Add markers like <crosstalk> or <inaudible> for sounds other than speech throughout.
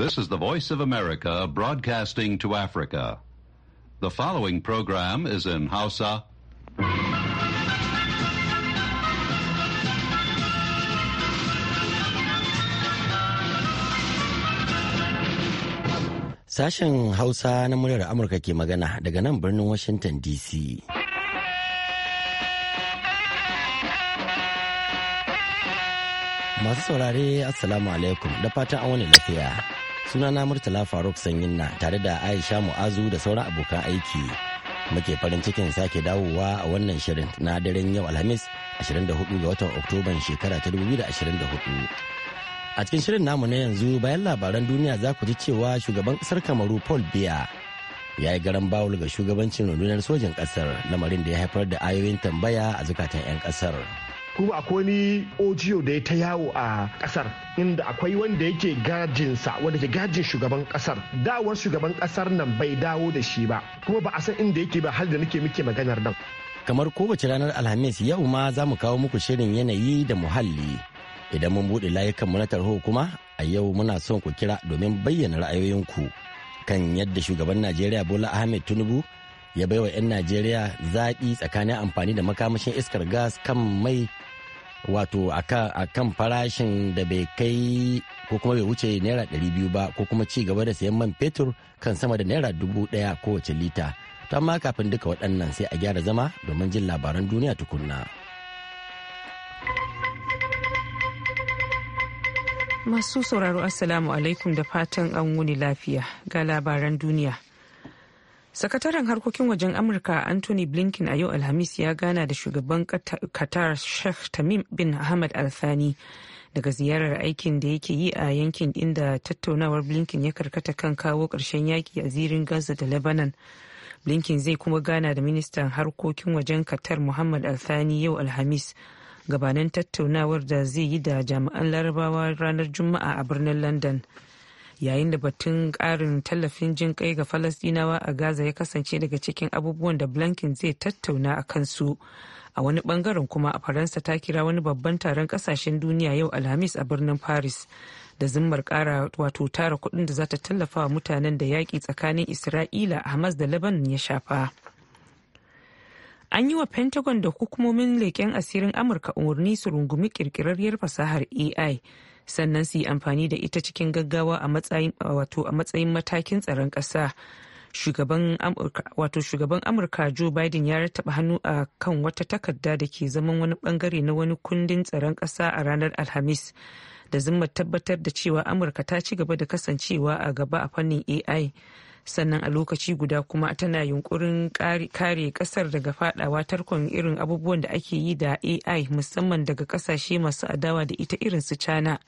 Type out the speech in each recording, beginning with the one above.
This is the Voice of America broadcasting to Africa. The following program is in Hausa. Sashen Hausa na muryar Amurka ke magana daga nan birnin Washington DC. Masu saurare, Assalamu alaikum da fatan an wani lafiya. sunana murtala faruk sanyin na tare da aisha mu'azu da sauran abokan aiki muke farin cikin sake dawowa a wannan shirin na daren yau alhamis 24 ga watan oktoban shekara ta 2024 a cikin shirin namu na yanzu bayan labaran duniya za ku ji cewa shugaban kasar kamaru paul biya ya yi garan bawul ga shugabancin rundunar sojin kasar lamarin da ya haifar da ayoyin tambaya a zukatan 'yan kasar. kuma akwai wani ojiyo da ya ta yawo a kasar inda akwai wanda yake gajinsa wanda ke gajin shugaban kasar dawar shugaban kasar nan bai dawo da shi ba kuma ba a san inda yake ba har da nake muke maganar nan kamar kowace ranar alhamis yau ma za mu kawo muku shirin yanayi da muhalli idan mun buɗe layukanmu na tarho kuma a yau muna son ku kira domin bayyana ra'ayoyinku kan yadda shugaban najeriya bola ahmed tinubu ya baiwa 'yan najeriya zaɓi tsakanin amfani da makamashin iskar gas kan mai wato a kan farashin da bai kai ko kuma bai wuce naira 200 ba ko kuma ci gaba da sayan man fetur kan sama da naira dubu 1000 kowace lita to amma kafin duka waɗannan sai a gyara zama domin jin labaran duniya tukunna masu sauraro assalamu alaikum da fatan an wuni lafiya ga labaran duniya sakataren harkokin wajen amurka anthony blinken a yau alhamis ya gana da shugaban qatar sheikh tamim bin ahmad alfani daga ziyarar aikin da yake yi a yankin inda tattaunawar blinken ya karkata kan kawo karshen yaki a zirin gaza da lebanon blinken zai kuma gana da ministan harkokin wajen qatar muhammad alfani yau alhamis gabanin tattaunawar da zai yi da jami'an larabawa ranar juma'a a birnin london yayin da batun karin tallafin jin kai ga falasdinawa a gaza ya kasance daga cikin abubuwan da blankin zai tattauna a kansu a wani bangaren kuma a faransa ta kira wani babban taron kasashen duniya yau alhamis a birnin paris da zimmar kara wato tara kudin da za ta tallafa wa mutanen da yaƙi tsakanin isra'ila hamas da lebanon ya shafa an yi wa pentagon da hukumomin leƙen asirin amurka umarni su rungumi ƙirƙirarriyar fasahar ai sannan su yi amfani da ita cikin gaggawa a matsayin matakin tsaron ƙasa. wato shugaban amurka joe biden ya rattaba hannu a kan wata takarda da ke zaman wani bangare na wani kundin tsaron ƙasa a ranar alhamis da zuma tabbatar da cewa amurka ta ci gaba da kasancewa a gaba a fannin ai sannan a lokaci guda kuma tana yunkurin kare kasar daga fadawa tarkon irin abubuwan da ake yi da ai musamman daga kasashe masu adawa da ita irin su cana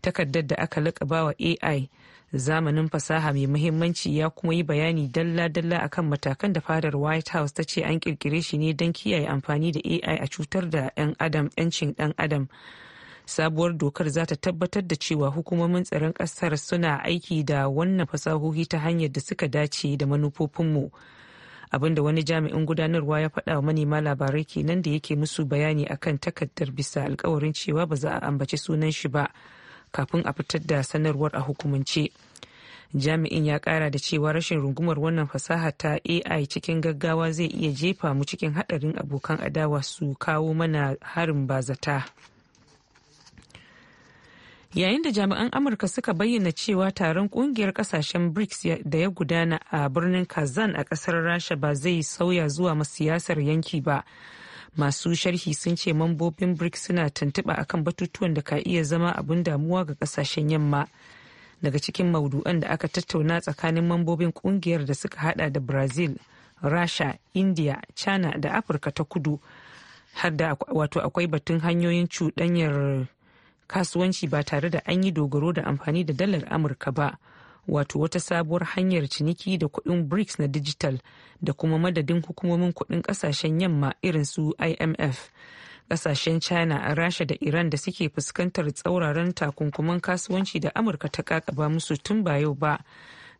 takardar da aka bawa ai zamanin fasaha mai muhimmanci ya kuma yi bayani dalla-dalla akan matakan da fadar white house ta ce an kirkire shi ne don kiyaye amfani da ai a cutar da 'yan adam 'yancin dan adam sabuwar dokar za ta tabbatar da cewa hukumomin tsaron ƙasar suna aiki da wannan fasahohi ta hanyar da suka dace da manufofinmu abinda wani jami'in gudanarwa ya faɗa wa manema labarai kenan da yake musu bayani akan takardar bisa alkawarin cewa ba za a ambaci sunan shi ba kafin a fitar da sanarwar a hukumance jami'in ya kara da cewa rashin rungumar wannan fasaha ta ai cikin gaggawa zai iya jefa mu cikin haɗarin abokan adawa su kawo mana harin bazata. yayin da jami'an amurka suka bayyana cewa taron kungiyar kasashen brics da ya gudana a birnin kazan a kasar rasha ba zai sauya zuwa masiyasar yanki ba masu sharhi sun ce mambobin brics suna tuntuɓa akan batutuwan da ka iya zama abin damuwa ga kasashen yamma daga cikin maudu'an da aka tattauna tsakanin mambobin kungiyar da suka hada da brazil rasha india china da afirka ta kudu har da wato akwai batun hanyoyin cuɗanyar kasuwanci ba tare da an yi dogaro da amfani da dalar amurka ba wato wata sabuwar hanyar ciniki da kuɗin brics na digital da kuma madadin hukumomin kuɗin ƙasashen yamma irin su imf ƙasashen china rasha da iran da suke fuskantar tsauraran takunkuman kasuwanci da amurka ta kakaba musu tun ba yau ba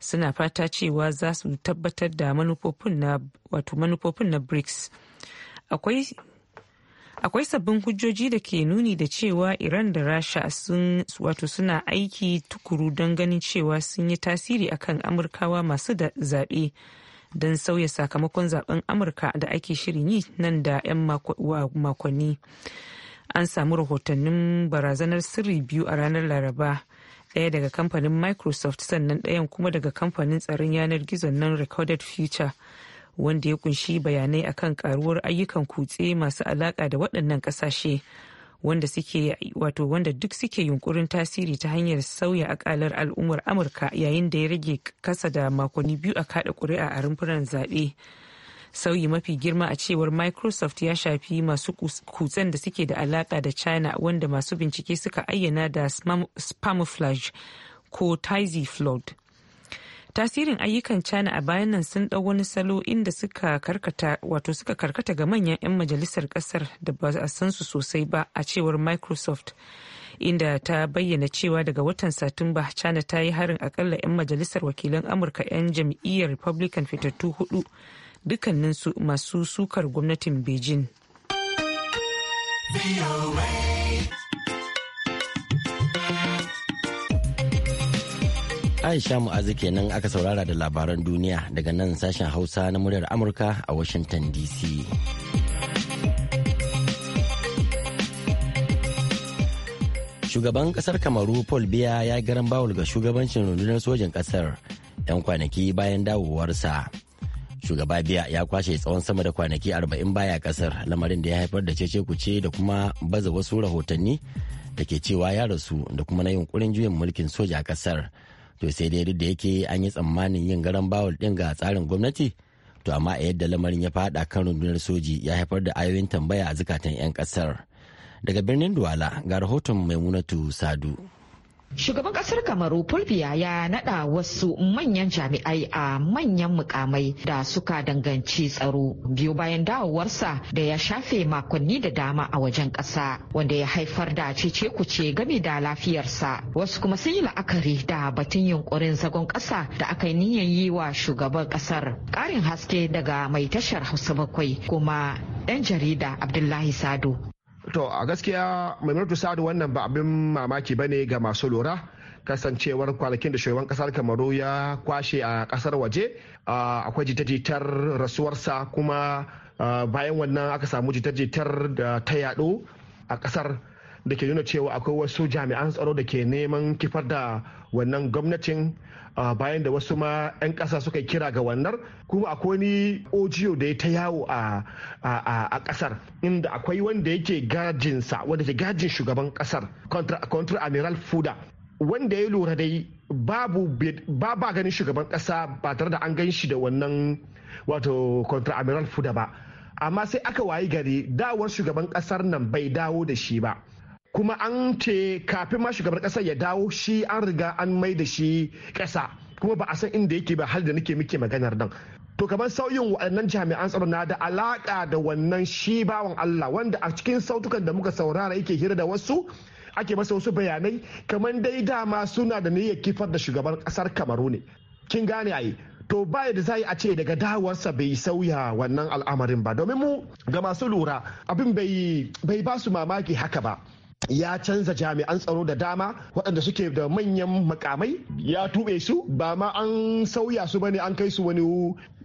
suna fata cewa za su tabbatar da manufofin na brics akwai akwai sabbin hujjoji da ke nuni da cewa iran da rasha sun wato suna aiki tukuru don ganin cewa sun yi tasiri akan amurkawa masu da zaɓe don sauya sakamakon zaben amurka da ake shirin yi nan da 'yan makonni an samu rahotannin barazanar sirri biyu a ranar laraba ɗaya daga kamfanin microsoft sannan ɗayan kuma daga kamfanin tsaron yanar gizon nan recorded future wanda ya kunshi bayanai akan karuwar ayyukan kutse masu alaka da waɗannan ƙasashe wanda suke wato wanda duk suke yunkurin tasiri ta hanyar sauya akalar al'ummar amurka yayin da ya rage kasa da makonni biyu a kaɗa ƙuri'a a rumfunan zaɓe sauyi mafi girma a cewar microsoft ya shafi masu kutsen da suke da alaka da china wanda masu bincike suka ayyana da spamouflage ko tizy flood tasirin ayyukan china a bayan nan sun ɗau wani salo inda suka karkata wato suka karkata ga manyan 'yan majalisar kasar da ba a san su sosai ba a cewar microsoft inda ta bayyana cewa daga watan satumba china ta yi harin akalla 'yan majalisar wakilan amurka 'yan jam'iyyar republican fitattu hudu dukkaninsu masu sukar gwamnatin beijing Aisha Mu'azu kenan aka saurara da labaran duniya daga nan sashen Hausa na muryar Amurka a Washington DC. Shugaban kasar Kamaru Paul Biya ya garan bawul ga shugabancin rundunar sojin kasar 'yan kwanaki bayan dawowarsa. shugaba biya ya kwashe tsawon sama da kwanaki 40 baya kasar lamarin da ya haifar da cece kuce da kuma baza wasu rahotanni da ke cewa ya rasu da kuma na yunkurin juyin mulkin soja a kasar to sai dai duk da yake an yi tsammanin yin garan bawul din ga tsarin gwamnati to amma a yadda lamarin ya fada kan rundunar soji ya haifar da ayoyin tambaya a zukatan 'yan kasar daga birnin duwala ga rahoton maimunatu sadu Shugaban kasar Kamaru Fulbiya ya nada wasu manyan jami'ai a manyan mukamai da suka danganci tsaro biyu bayan dawowarsa da ya shafe makonni da dama a wajen kasa wanda ya haifar da cece kuce game da lafiyarsa. Wasu kuma sun yi la'akari da batun yunkurin zagon kasa da aka yi niyyar yi wa shugaban kasar. Karin haske daga mai tashar Hausa bakwai kuma ɗan jarida Abdullahi Sado. To a gaskiya Maimunatu Sa'adu wannan ba abin mamaki bane ga masu lura kasancewar kwanakin da shugaban kasar Kamaru ya kwashe a kasar waje akwai jita-jitar rasuwarsa kuma bayan wannan aka samu jita-jitar da ta yaɗo a kasar da ke nuna cewa akwai wasu jami'an tsaro da ke neman kifar da wannan gwamnatin ah, bayan da wasu ma 'yan kasa suka kira ga wannan kuma akwai ni ojiyo da ya ta yawo a ƙasar inda akwai wanda yake gajinsa wanda ke gajin shugaban ƙasar contra amiral fuda wanda ya lura dai babu ba ba ganin shugaban kasa ba tare da an ganshi da wannan wato contra amiral fuda ba amma sai aka wayi gari dawar shugaban ƙasar nan bai dawo da shi ba kuma an ce kafin ma shugaban ƙasar ya dawo shi an riga an mai da shi ƙasa kuma ba a san inda yake ba har da nake muke maganar nan to kamar sauyin waɗannan jami'an tsaro na da alaƙa da wannan shi bawan Allah wanda a cikin sautukan da muka saurara yake hira da wasu ake masa wasu bayanai kamar dai dama suna da niyyar kifar da shugaban kasar kamaru ne kin gane ayi to ba da zai a ce daga dawarsa bai sauya wannan al'amarin ba domin mu ga masu lura abin bai ba su mamaki haka ba ya canza jami'an tsaro da dama waɗanda suke da manyan makamai ya tuɓe su ba ma an sauya su bane an kai su wani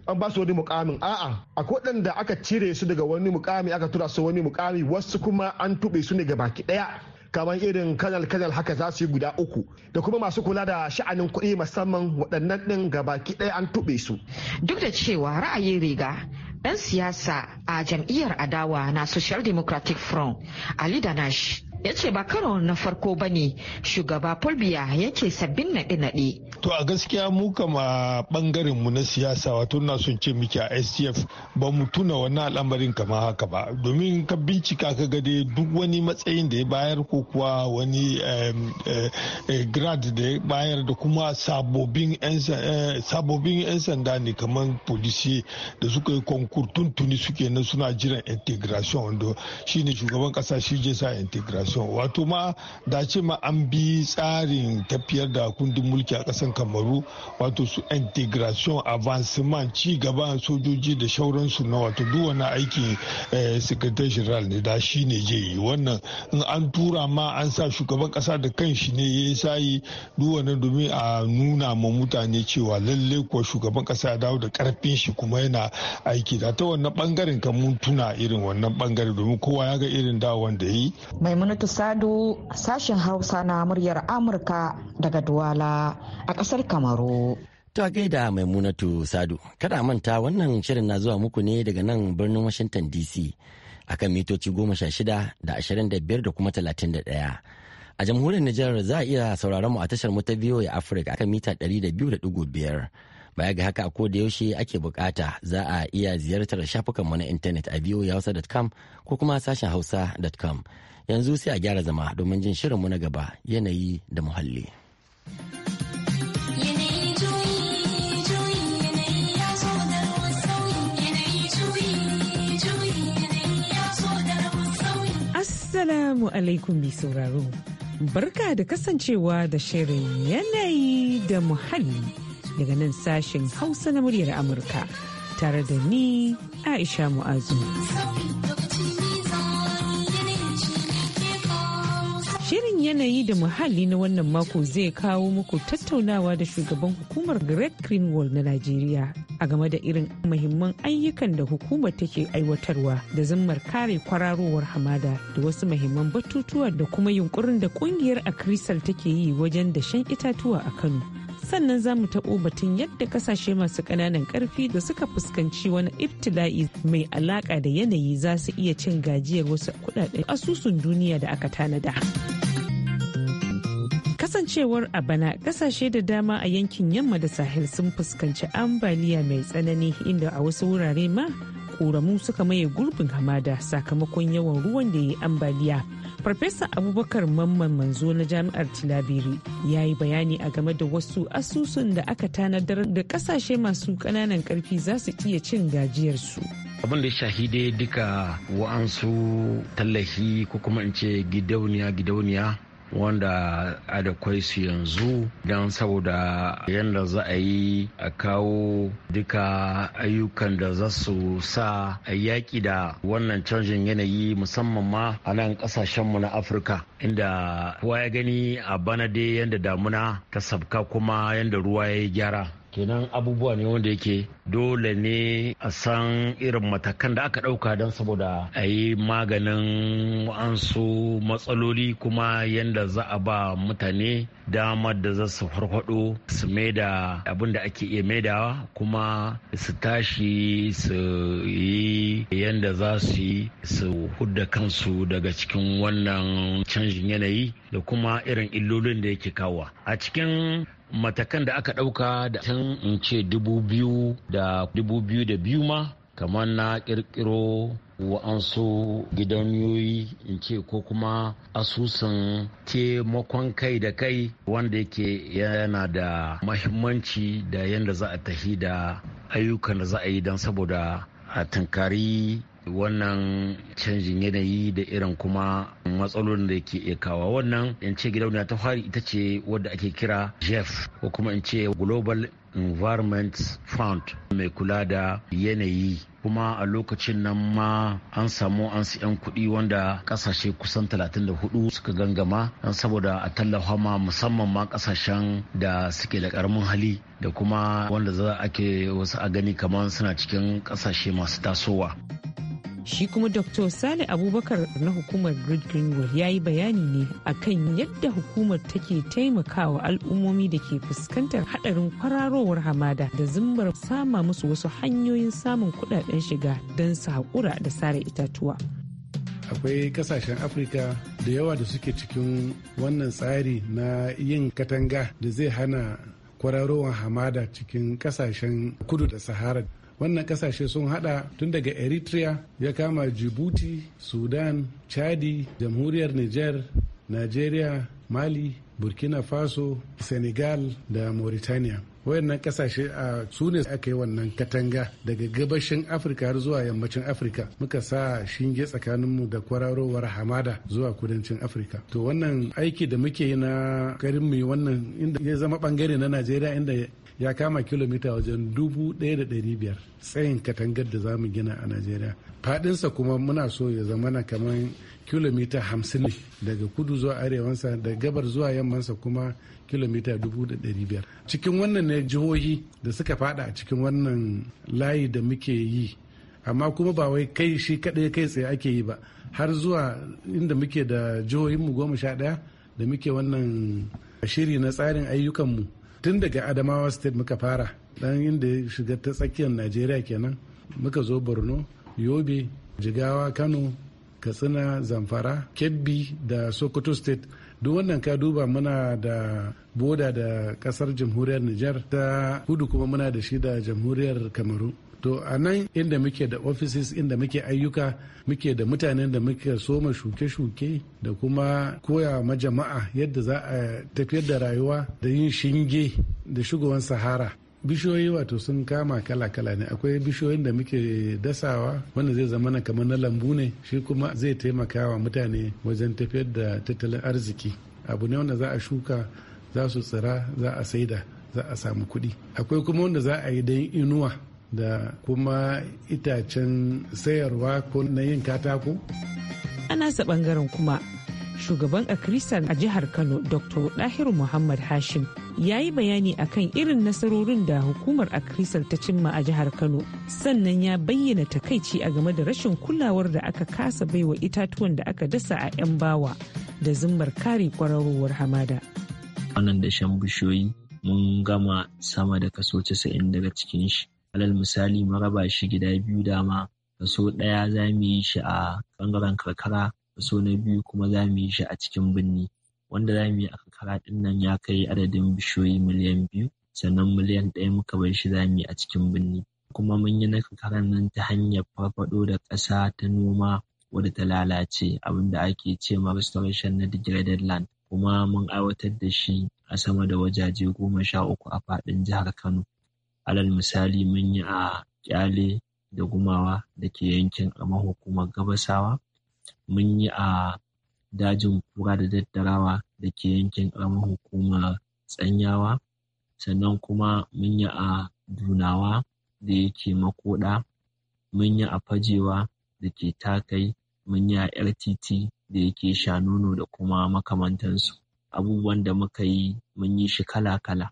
an ba su wani mukamin a'a akwai waɗanda aka cire su daga wani mukami aka tura su wani mukami wasu kuma an tuɓe su ne ga baki ɗaya kamar irin kanal kanal haka za su yi guda uku da kuma masu kula da sha'anin kuɗi musamman waɗannan ɗin ga baki ɗaya an tuɓe su. Duk da cewa ra'ayin riga ɗan siyasa a jam'iyyar adawa na Social Democratic Front Ali Danash ya ce ba karo na farko ba ne shugaba fulbiya ce sabbin naɗe-naɗe. to a gaskiya mu kama ɓangaren mu na siyasa wato na son ce miki a sdf ba mu tuna wannan al'amarin kama haka ba domin ka bincika ka gade duk wani matsayin da ya bayar ko kuwa wani eh, eh, grad da ya bayar da kuma sabobin 'yan eh, sanda ne kamar polisi da suka yi konkur tuntuni suke nan suna jiran integration wanda shine shugaban kasa shi je sa integration so wato ma da ce ma an bi tsarin tafiyar da kundin mulki a kasan kamaru wato su integration avancement ci gaba sojoji da shauransu na wato duk wani aiki eh, secretary general ne da shi ne je yi wannan in an tura ma an sa shugaban kasa da kan shi ne ya sayi duk wani domin a nuna ma mutane cewa lalle kuwa shugaban kasa ya dawo da karfin shi kuma yana aiki da ta wannan bangaren kan mun tuna irin wannan bangare domin kowa ya ga irin dawon da yi maimuna Safinatu Sadu sashen Hausa na muryar Amurka daga Duwala a ƙasar Kamaru. To a gaida Maimunatu Sadu, kada manta wannan shirin na zuwa muku ne daga nan birnin Washington DC a kan mitoci goma sha shida da ashirin da biyar da kuma talatin da ɗaya. A jamhuriyar Nijar za a iya sauraron mu a tashar mu ta Afirka Africa akan mita ɗari da biyu da ɗigo biyar. Baya ga haka a ko da yaushe ake bukata za a iya ziyartar shafukanmu na intanet a voahausa.com ko kuma sashen hausa.com. yanzu sai a gyara zama domin jin shirinmu na gaba yanayi da muhalli. Assalamu alaikum bi sauraro. Barka da kasancewa da shirin yanayi da muhalli daga nan sashen Hausa na muryar Amurka tare da ni Aisha Mu'azu. Shirin yanayi da muhalli na wannan mako zai kawo muku tattaunawa da shugaban hukumar Great Greenwald na Najeriya a game da irin muhimman ayyukan da hukumar take aiwatarwa da zimmar kare kwararowar hamada da wasu muhimman batutuwa da kuma yunkurin da kungiyar a take yi wajen dashen itatuwa a Kano. sannan za mu taɓo batun yadda kasashe masu ƙananan ƙarfi da suka fuskanci wani ibtila'i mai alaƙa da yanayi za su iya cin gajiyar wasu kuɗaɗen asusun duniya da aka tanada. kasancewar a bana kasashe da dama a yankin yamma da sahel sun fuskanci ambaliya mai tsanani inda a wasu wurare ma ƙoramu suka maye gurbin hamada sakamakon yawan ruwan da ya yi ambaliya Farfesa Abubakar Mamman Manzo na Jami'ar Tilabiri ya yi bayani a game da wasu asusun da aka tanadar da kasashe masu ƙananan ƙarfi za su iya cin gajiyarsu. abin da shahi dai duka wa'ansu tallafi ko kuma in ce gidauniya gidauniya wanda adakwai su yanzu don saboda yadda za a yi a kawo duka ayyukan da za su sa a yaƙi da wannan canjin yanayi musamman ma a nan ƙasashenmu na afirka inda kowa ya gani a bana dai yadda damuna ta sabka kuma yadda ruwa ya yi gyara kenan abubuwa ne wanda yake dole ne a san irin matakan da aka ɗauka don saboda a yi maganin ansu matsaloli kuma yadda za a ba mutane damar da za su farfado su maida abin da ake iya maidawa kuma su tashi su yi yadda za su yi su hudda kansu daga cikin wannan canjin yanayi da kuma irin illolin da yake kawo a cikin matakan da aka ɗauka da tun in ce dubu biyu da dubu biyu da biyu ma kamar na ƙirƙiro wa'ansu gidanyoyi in ce ko kuma asusun taimakon kai da kai wanda yake yana da mahimmanci da yadda za a tafi da ayyukan da za a yi don saboda a tunkari wannan canjin yanayi da irin kuma matsalolin da ke kawo wannan in ce gidauniya ta fari ita ce wadda ake kira jeff ko kuma in ce global environment fund mai kula da yanayi kuma a lokacin nan ma an samu an yan kudi wanda kasashe kusan 34 suka gangama don saboda a tallafa ma musamman ma kasashen da suke da karamin hali da kuma wanda za ake wasu a gani kamar suna cikin kasashe masu tasowa. shi kuma dr sale abubakar na hukumar great greenwood ya yi bayani ne akan yadda hukumar take taimakawa al'ummomi da ke fuskantar hadarin kwararowar hamada da zumbar sama musu wasu hanyoyin samun kudaden shiga don su haƙura da sare itatuwa akwai kasashen afirka da yawa da suke cikin wannan tsari na yin katanga da zai hana kwararowar hamada cikin kasashen kudu da sahara wannan kasashe sun hada tun daga eritrea ya kama djibouti sudan chadi jamhuriyar niger nigeria mali burkina faso senegal da mauritania wayannan kasashe a sune. aka yi wannan katanga daga gabashin afirka har zuwa yammacin afirka muka sa shinge tsakaninmu da kwararowar hamada zuwa kudancin afirka to wannan aiki da muke yi na karin mai wannan inda ya zama bangare na najeriya inda ya kama kilomita wajen dubu da ɗari biyar tsayin katangar da zamu gina a najeriya faɗinsa kuma muna so ya zama na kamar kilomita hamsin daga kudu zuwa arewansa da gabar zuwa yammansa kuma kilomita dubu biyar cikin wannan ne jihohi da suka fada a cikin wannan layi da muke yi amma kuma ba wai kai shi kadai kai tsaye ake yi ba har zuwa inda muke da jihohinmu goma sha ɗaya da muke wannan shiri na tsarin ayyukanmu tun daga adamawa state muka fara dan inda shiga ta tsakiyar najeriya kenan muka zo borno yobe jigawa kano katsina zamfara kebbi da sokoto state duk wannan ka duba muna da boda da kasar jamhuriyar niger ta hudu kuma muna da shi da jamhuriyar kamaru to a nan inda muke da offices inda muke ayyuka muke da mutanen da muke soma shuke-shuke da kuma koya ma jama'a yadda za a tafiyar da rayuwa da yin shinge da shugaban sahara bishiyoyi wato sun kama kala-kala ne akwai bishiyoyin da muke dasawa wanda zai zama na kamar na lambu ne shi kuma zai taimaka wa mutane wajen tafiyar da tattalin arziki abu ne wanda za a shuka za su tsira za a saida za a samu kuɗi akwai kuma wanda za a yi dan inuwa da kuma itacen sayarwa ko na yin katako a nasa bangaren kuma shugaban kristan a jihar kano dr dahiru muhammad hashim ya yi bayani akan irin nasarorin da hukumar akrisal ta cimma a jihar kano sannan ya bayyana takaici a game da rashin kulawar da aka kasa baiwa itatuwan da aka dasa a 'yan bawa da zimmar kare kwararowar hamada wannan dashen bishiyoyi mun gama sama da kaso 90 daga cikin shi alal misali maraba shi gida biyu dama kaso ɗaya za mu yi shi a ɓangaren karkara kaso na biyu kuma za mu yi shi a cikin birni wanda za mu yi a karkara ɗin nan ya kai adadin bishiyoyi miliyan biyu sannan miliyan ɗaya muka bar shi za mu yi a cikin birni kuma mun yi na karkaran nan ta hanyar farfaɗo da ƙasa ta noma wadda ta lalace abin da ake ce ma restoration na degraded land kuma mun aiwatar da shi a sama da wajaje goma sha uku a faɗin jihar Kano. alal misali mun yi a kyale da gumawa da ke yankin a hukumar gabasawa mun yi a dajin kura da daddarawa da ke yankin a hukumar tsanyawa sannan kuma mun yi a dunawa da yake makoda mun yi a fajewa da ke takai mun yi a rtt da yake sha nono da kuma makamantansu abubuwan da muka yi mun yi shi kala-kala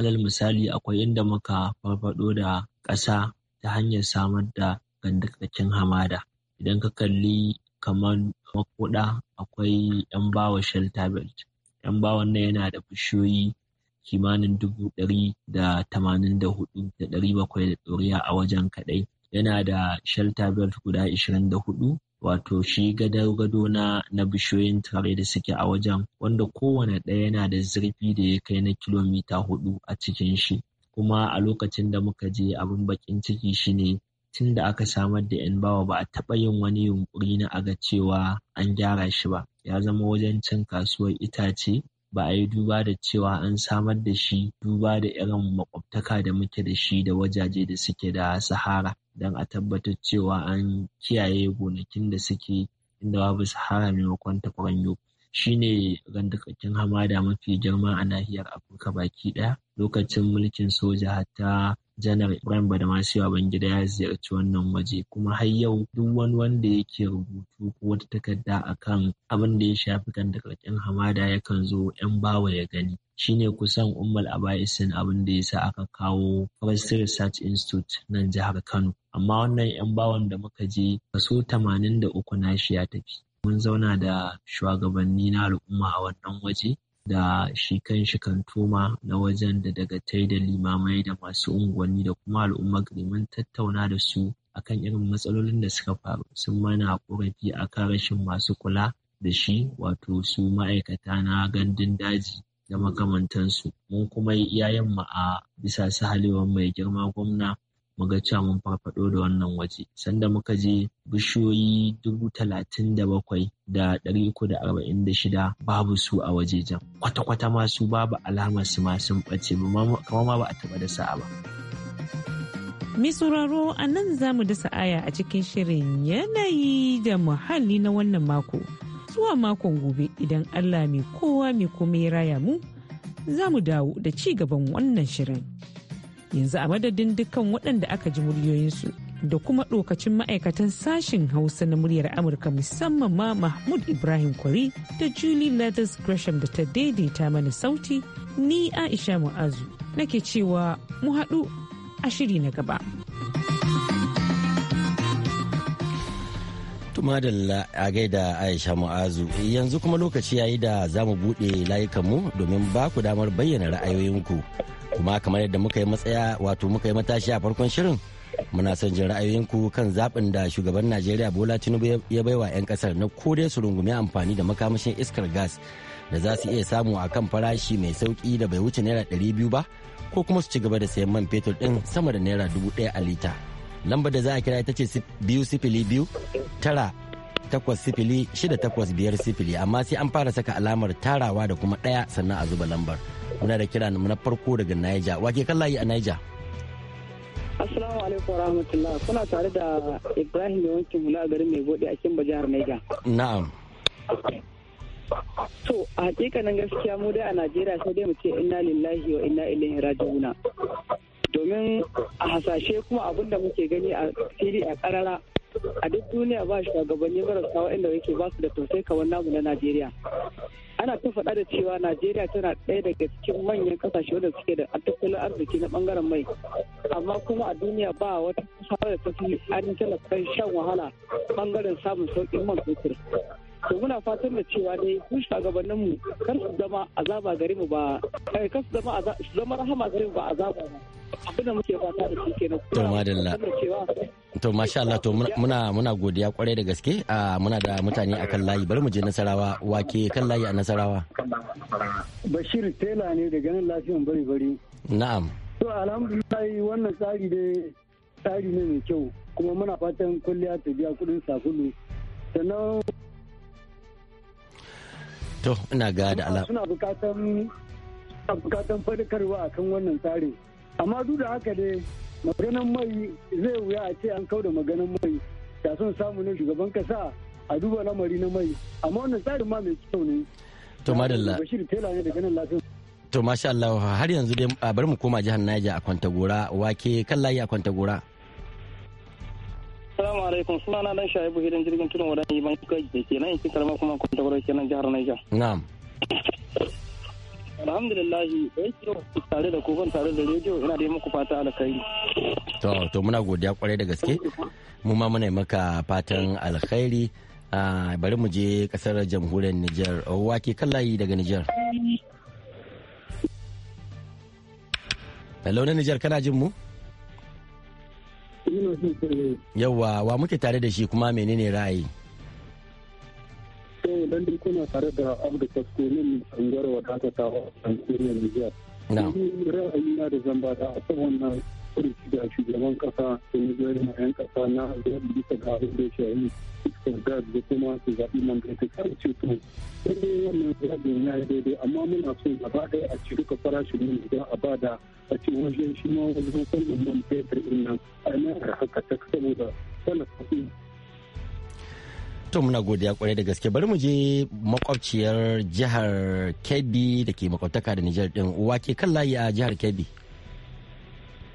Alal misali akwai inda muka farfaɗo da ƙasa ta hanyar samar da gandakakken hamada. Idan ka kalli kamar makoda akwai yan bawa shelter belt. Yan bawan nan yana da bishiyoyi kimanin dubu ɗari da tamanin da hudu da ɗari bakwai da ɗoriya a wajen kaɗai. Yana da shelter belt guda ishirin da hudu wato shi gado-gado na na bishiyoyin tare da suke a wajen wanda kowane ɗaya yana da zurfi da ya kai na kilomita hudu a cikin shi kuma a lokacin da muka je abin bakin ciki shine tun da aka samar da yan bawa ba a taɓa yin wani yunkuri na aga cewa an gyara shi ba ya zama wajen cin kasuwar itace ba a yi duba da cewa an samar da shi duba da irin makwabtaka da muke da shi da wajaje da suke da sahara don a tabbatar cewa an kiyaye gonakin da suke inda babu sahara maimakon yau shi ne randakakken hamada mafi girma a nahiyar afirka baki ɗaya lokacin mulkin soja hatta janar Ibrahim Badamasi Bangida ya ziyarci wannan waje kuma har yau duk wani wanda yake rubutu ko wata takarda kan abin da ya shafi kan dakarkin hamada yakan zo yan bawa ya gani shine kusan ummal abaisin abin da sa aka kawo Forest Research Institute nan jihar Kano amma wannan yan bawan da muka je kaso uku na shi ya tafi mun zauna da shugabanni na al'umma a wannan waje da shi kan toma na wajen da dagatai da limamai da masu unguwanni da kuma al'umma gari mun tattauna da su akan irin matsalolin da suka faru sun mana ƙorafi akan rashin masu kula da shi wato su ma'aikata na gandun daji da makamantansu mun kuma yi iyayen a bisa sahalewar mai girma gwamna mu ga cewa mun farfaɗo da wannan waje sanda muka je bishiyoyi dubu talatin da bakwai da ɗari uku da arba'in da shida babu su a wajejen kwata-kwata masu babu alamar su ma sun ɓace kamar ma ba a taɓa da sa'a ba. Mai sauraro a nan za mu dasa aya a cikin shirin yanayi da muhalli na wannan mako. Zuwa makon gobe idan Allah mai kowa mai komai raya mu za mu dawo da ci gaban wannan shirin. yanzu a madadin dukkan waɗanda aka ji muryoyinsu da kuma ɗokacin ma'aikatan sashen hausa na muryar amurka musamman ma mahmud ibrahim kwari da julie leathers gresham da ta daidaita mana sauti ni aisha mu'azu nake cewa mu haɗu a shiri na gaba. Madalla a gaida Aisha Mu'azu yanzu kuma lokaci yayi da za mu buɗe layukanmu domin ba ku damar bayyana ra'ayoyinku kuma kamar yadda muka yi matsaya wato muka yi matashi a farkon shirin muna son jin ra'ayoyinku kan zaɓin da shugaban Najeriya Bola Tinubu ya baiwa 'yan ƙasar na ko dai su rungumi amfani da makamashin iskar gas da za su iya samu a kan farashi mai sauƙi da bai wuce naira 200 ba ko kuma su ci gaba da sayan man fetur ɗin sama da naira 1000 a lita. lambar da za a kira ita ce biyu sifili biyu tara takwas sifili shida takwas biyar sifili amma sai an fara saka alamar tarawa da kuma ɗaya sannan a zuba lambar muna da kira na farko daga Niger wake layi a Niger. Assalamu alaikum rahmatullah kuna tare da Ibrahim yawancin hula a garin mai gode a Kimba jihar naija Na'am. To a hakikanin gaskiya mu dai a Najeriya sai dai mu ce inna lillahi wa inna ilaihi raji'una. domin a hasashe kuma abin da muke gani a fili a karara a duk duniya ba shugabanni marasa waɗanda yake ba su da tausayi kamar namu na najeriya ana ta faɗa da cewa najeriya tana ɗaya daga cikin manyan ƙasashe wanda suke da tattalin arziki na ɓangaren mai amma kuma a duniya ba wata kusa da tafi fi an shan wahala ɓangaren samun sauƙin man fetur to muna fatan da cewa dai mun shugabannin mu kar su zama azaba gare mu ba eh, kar su zama su zama rahama gare mu ba azaba ba abin da muke fata da shi kenan to madalla to masha Allah to muna muna godiya kwarai da gaske muna da mutane akan layi bari mu je Nasarawa wake kan layi a Nasarawa Bashir Tela ne da ganin lafiyan bari bari na'am to alhamdulillah wannan tsari dai tsari ne mai kyau kuma muna fatan kulliya ta biya kudin sakulu sannan to ina ga da ala suna bukatan bukatan a akan wannan tsarin amma duk da haka dai maganan mai zai wuya a ce an kau da maganan mai da son samu ne shugaban kasa a duba lamari na mai amma wannan tsarin ma mai kyau ne to madalla bashir tela ne daga nan lafiya to masha Allah har yanzu dai bari mu koma jihar Niger a Kwantagora wake kan layi a Kwantagora Assalamu alaikum na dan Shaibu Hidan jirgin tunan wadan Iban kai da ke nan cikin karamar kuma kun ke kenan jihar Niger. Na'am. Alhamdulillah da yake tare da kofan tare da rediyo ina da muku fata alkhairi. To to muna godiya kwarai da gaske. Mu ma muna maka fatan alkhairi. Ah, bari mu je kasar jamhuriyar Nijar. Wake kallayi daga Nijar. Hello na Nijar kana jin mu? Yawwa wa muke tare da shi kuma menene ra'ayi? sai eh, dan dai kuna tare da Abdu Kasko nan Angwar wadata ta wa Nigeria na Ra'ayi na da zan da a kan wannan kurci da shugaban kasa da ya yan kasa na zaɓi bisa ga abin da ya shayi iskar gas da kuma su zaɓi man da ta ce to sai wannan zaɓin ya yi daidai amma muna so gaba ɗaya a ci duka farashin ne da a ba da a ce wajen shi ma wajen sanin man fetur ɗin nan a nan haka ta saboda talaka To muna godiya kwarai da gaske bari mu je makwabciyar jihar Kebbi da ke makwabtaka da Nijar din wake ke kan layi a jihar Kebbi.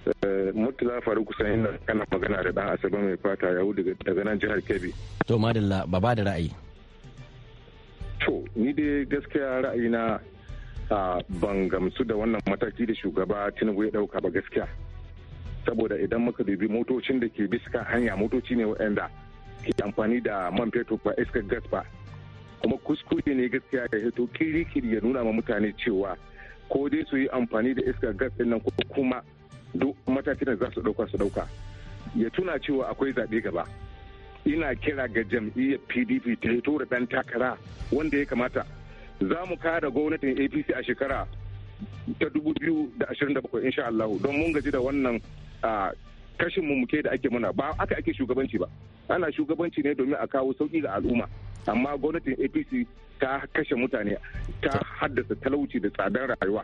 Eh, Murtala Faruk Sani na kana magana da ɗan Asabe mai fata yahu daga nan jihar Kebbi. To madalla ba ba da ra'ayi. To ni dai gaskiya ra'ayina ban gamsu da wannan mataki da shugaba Tinubu ya ɗauka ba gaskiya. Saboda idan muka dubi motocin da ke biska hanya motoci ne waɗanda ke amfani da man fetur ba iskar gas ba. Kuma kuskure ne gaskiya ya hito kiri-kiri ya nuna ma mutane cewa ko dai su yi amfani da iskar gas ɗin nan kuma duk matakin da za su ɗauka su ɗauka ya tuna cewa akwai zaɓe gaba ina kira ga jam'iyyar pdp ta hito da ɗan takara wanda ya kamata za mu kada gwamnatin apc a shekara ta 2027 insha Allah don mun gaji da wannan kashin muke da ake muna ba aka ake shugabanci ba ana shugabanci ne domin a kawo sauki ga al'umma amma gwamnatin apc ta kashe mutane ta haddasa talauci da tsadar rayuwa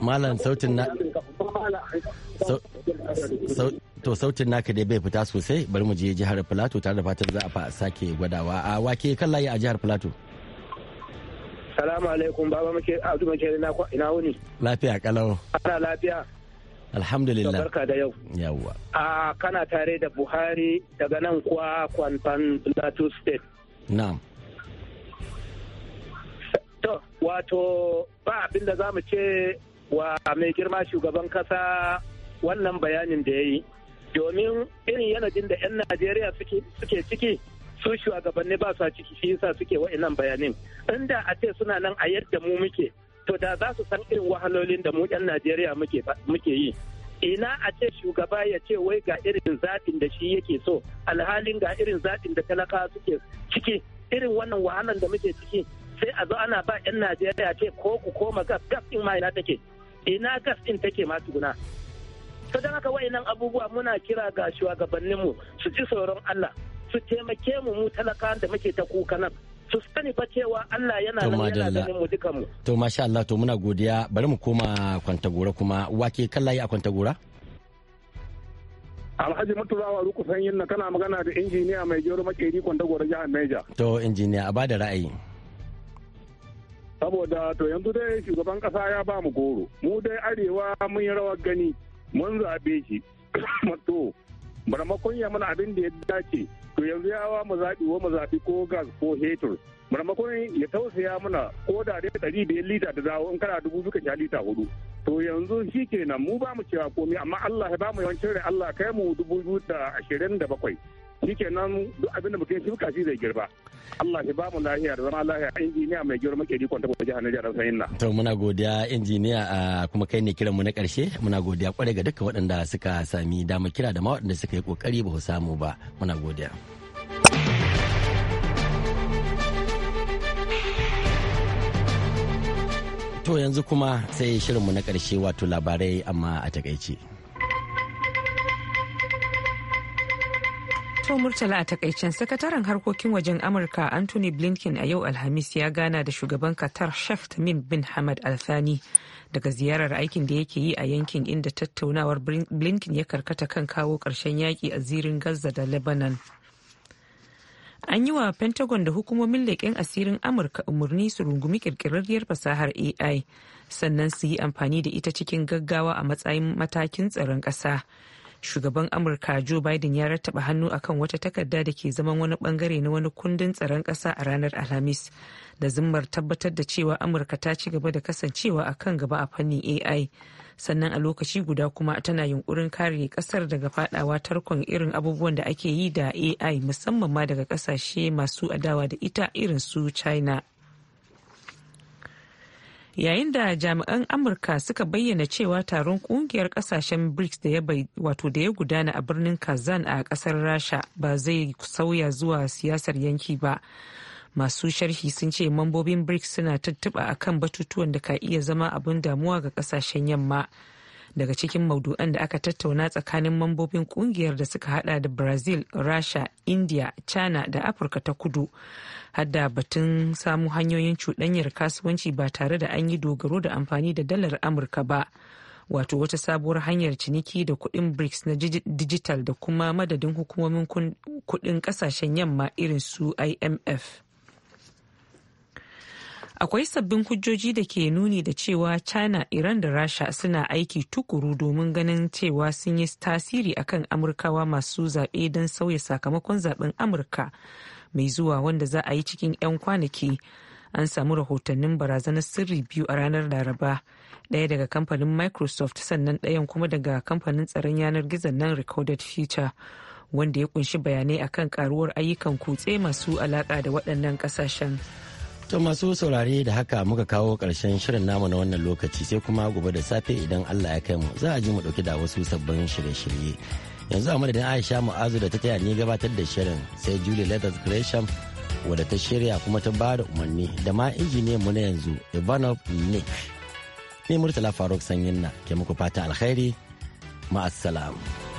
malam sautin na to sautin naka dai bai fita sosai bari mu je jihar Filato tare da fatan za a sake gwadawa a wake kan layi a jihar Filato. Salamu alaikum baba muke Abdu muke ina wuni. Lafiya kalau. Ana lafiya. Alhamdulillah. Barka da yau. Yawwa. A kana tare da Buhari daga nan kuwa Kwanfan Plateau State. Na'am. To, wato ba abin da za mu ce wa mai girma shugaban kasa wannan bayanin da ya yi. Domin irin yanayin da 'yan Najeriya suke ciki, su shugabanni ba su a ciki shi yasa suke wa'annan bayanin. Inda a ce suna nan a yadda mu muke, to da za su san irin wahalolin da mu 'yan Najeriya muke yi. ina a ce shugaba ya ce wai ga irin zaɓin da shi yake so alhalin ga irin zaɓin da talaka suke ciki irin wannan wahalan da muke ciki sai a zo ana ba 'yan najeriya ce ko ku koma gas gas in ma ina take ina gas in take ma tuguna ta don haka nan abubuwa muna kira ga mu su ci sauran allah su taimake mu mu talaka da muke ta kuka nan su sani fa cewa Allah yana nan yana mu dukan mu to masha Allah to muna godiya bari mu koma gora kuma wake kallaye a gora. Alhaji mutulawa Ruku Sanyin na kana magana da injiniya mai jero makeri gora jihar Niger to injiniya a bada ra'ayi saboda to yanzu dai shugaban kasa ya ba mu goro mu dai arewa mun yi rawar gani mun zaɓe shi <coughs> to maramakon ya mana abin da ya dace to yanzu yawa mu zaɓi wa mu zaɓi ko gas ko hetur maramakon ya tausaya mana ko da dai ɗari biyar lita da zawo in kana dubu suka sha lita hudu to yanzu shi kenan mu ba mu cewa komai amma Allah ya ba mu yawancin rai Allah kai mu dubu biyu da ashirin da bakwai shikenan duk abin da mutum ya shi zai girba Allah shi ba mu lahiya da zama lahiya injiniya mai girma ke rikon tabbata jihar Nijar Hausa na. To muna godiya injiniya kuma kai ne kiran mu na karshe muna godiya kwarai ga dukkan waɗanda suka sami dama kira da ma waɗanda suka yi kokari ba su samu ba muna godiya. To yanzu kuma sai shirinmu na karshe wato labarai amma a takaice. To Murtala a takaicen sakataren harkokin wajen Amurka Anthony Blinken a yau Alhamis ya gana da shugaban Qatar Sheikh Tamim bin Hamad Al daga ziyarar aikin da yake yi a yankin inda tattaunawar Blinken ya karkata kan kawo ƙarshen yaƙi a zirin Gaza da Lebanon. An yi wa Pentagon da hukumomin leƙen asirin Amurka umarni su rungumi ƙirƙirarriyar fasahar AI sannan su yi amfani da ita cikin gaggawa a matsayin matakin tsaron ƙasa. shugaban amurka joe biden ya rattaba hannu akan wata takarda da ke zaman wani bangare na wani kundin tsaron kasa a ranar alhamis da zimmar tabbatar da cewa amurka ta ci gaba da kasancewa a kan gaba a fannin ai sannan a lokaci guda kuma tana yunkurin kare kasar daga fadawa tarkon irin abubuwan da ake yi da ai musamman ma daga kasashe masu adawa da ita irin su china yayin da jami'an amurka suka bayyana cewa taron kungiyar kasashen brics da ya wato da ya gudana a birnin kazan a kasar rasha ba zai sauya zuwa siyasar yanki ba masu sharhi sun ce mambobin brics suna tuttuba akan batutuwan da ka iya zama abin damuwa ga kasashen yamma daga cikin maudu'an da aka tattauna tsakanin mambobin kungiyar da suka hada da brazil rasha india china da afirka ta kudu hadda batun samu hanyoyin cuɗanyar kasuwanci ba tare da an yi dogaro da amfani da dalar amurka ba wato wata sabuwar hanyar ciniki da kuɗin brics na digital da kuma madadin hukumomin kuɗin ƙasashen yamma irin su imf akwai sabbin hujjoji da ke nuni da cewa china iran da rasha suna aiki tukuru domin ganin cewa sun yi tasiri akan amurkawa masu zaɓe don sauya sakamakon zaɓen amurka mai zuwa wanda za a yi cikin 'yan kwanaki an samu rahotannin barazanar sirri biyu a ranar laraba ɗaya daga kamfanin microsoft sannan ɗayan kuma daga kamfanin tsaron yanar gizon nan recorded future wanda ya kunshi bayanai akan karuwar ayyukan kutse masu alaƙa da waɗannan ƙasashen. To masu saurare da haka muka kawo ƙarshen shirin namu na wannan lokaci sai kuma gobe da safe idan Allah ya kai mu za a ji mu ɗauki da wasu sabbin shirye-shirye. Yanzu a madadin Aisha Mu'azu da ta taya ni gabatar da shirin sai Julie Letters Gresham wadda ta shirya kuma ta ba da umarni da ma injiniyan mu na yanzu Ivanov Nick. Ni Murtala Faruk Sanyin na ke muku fatan alkhairi ma'assalamu.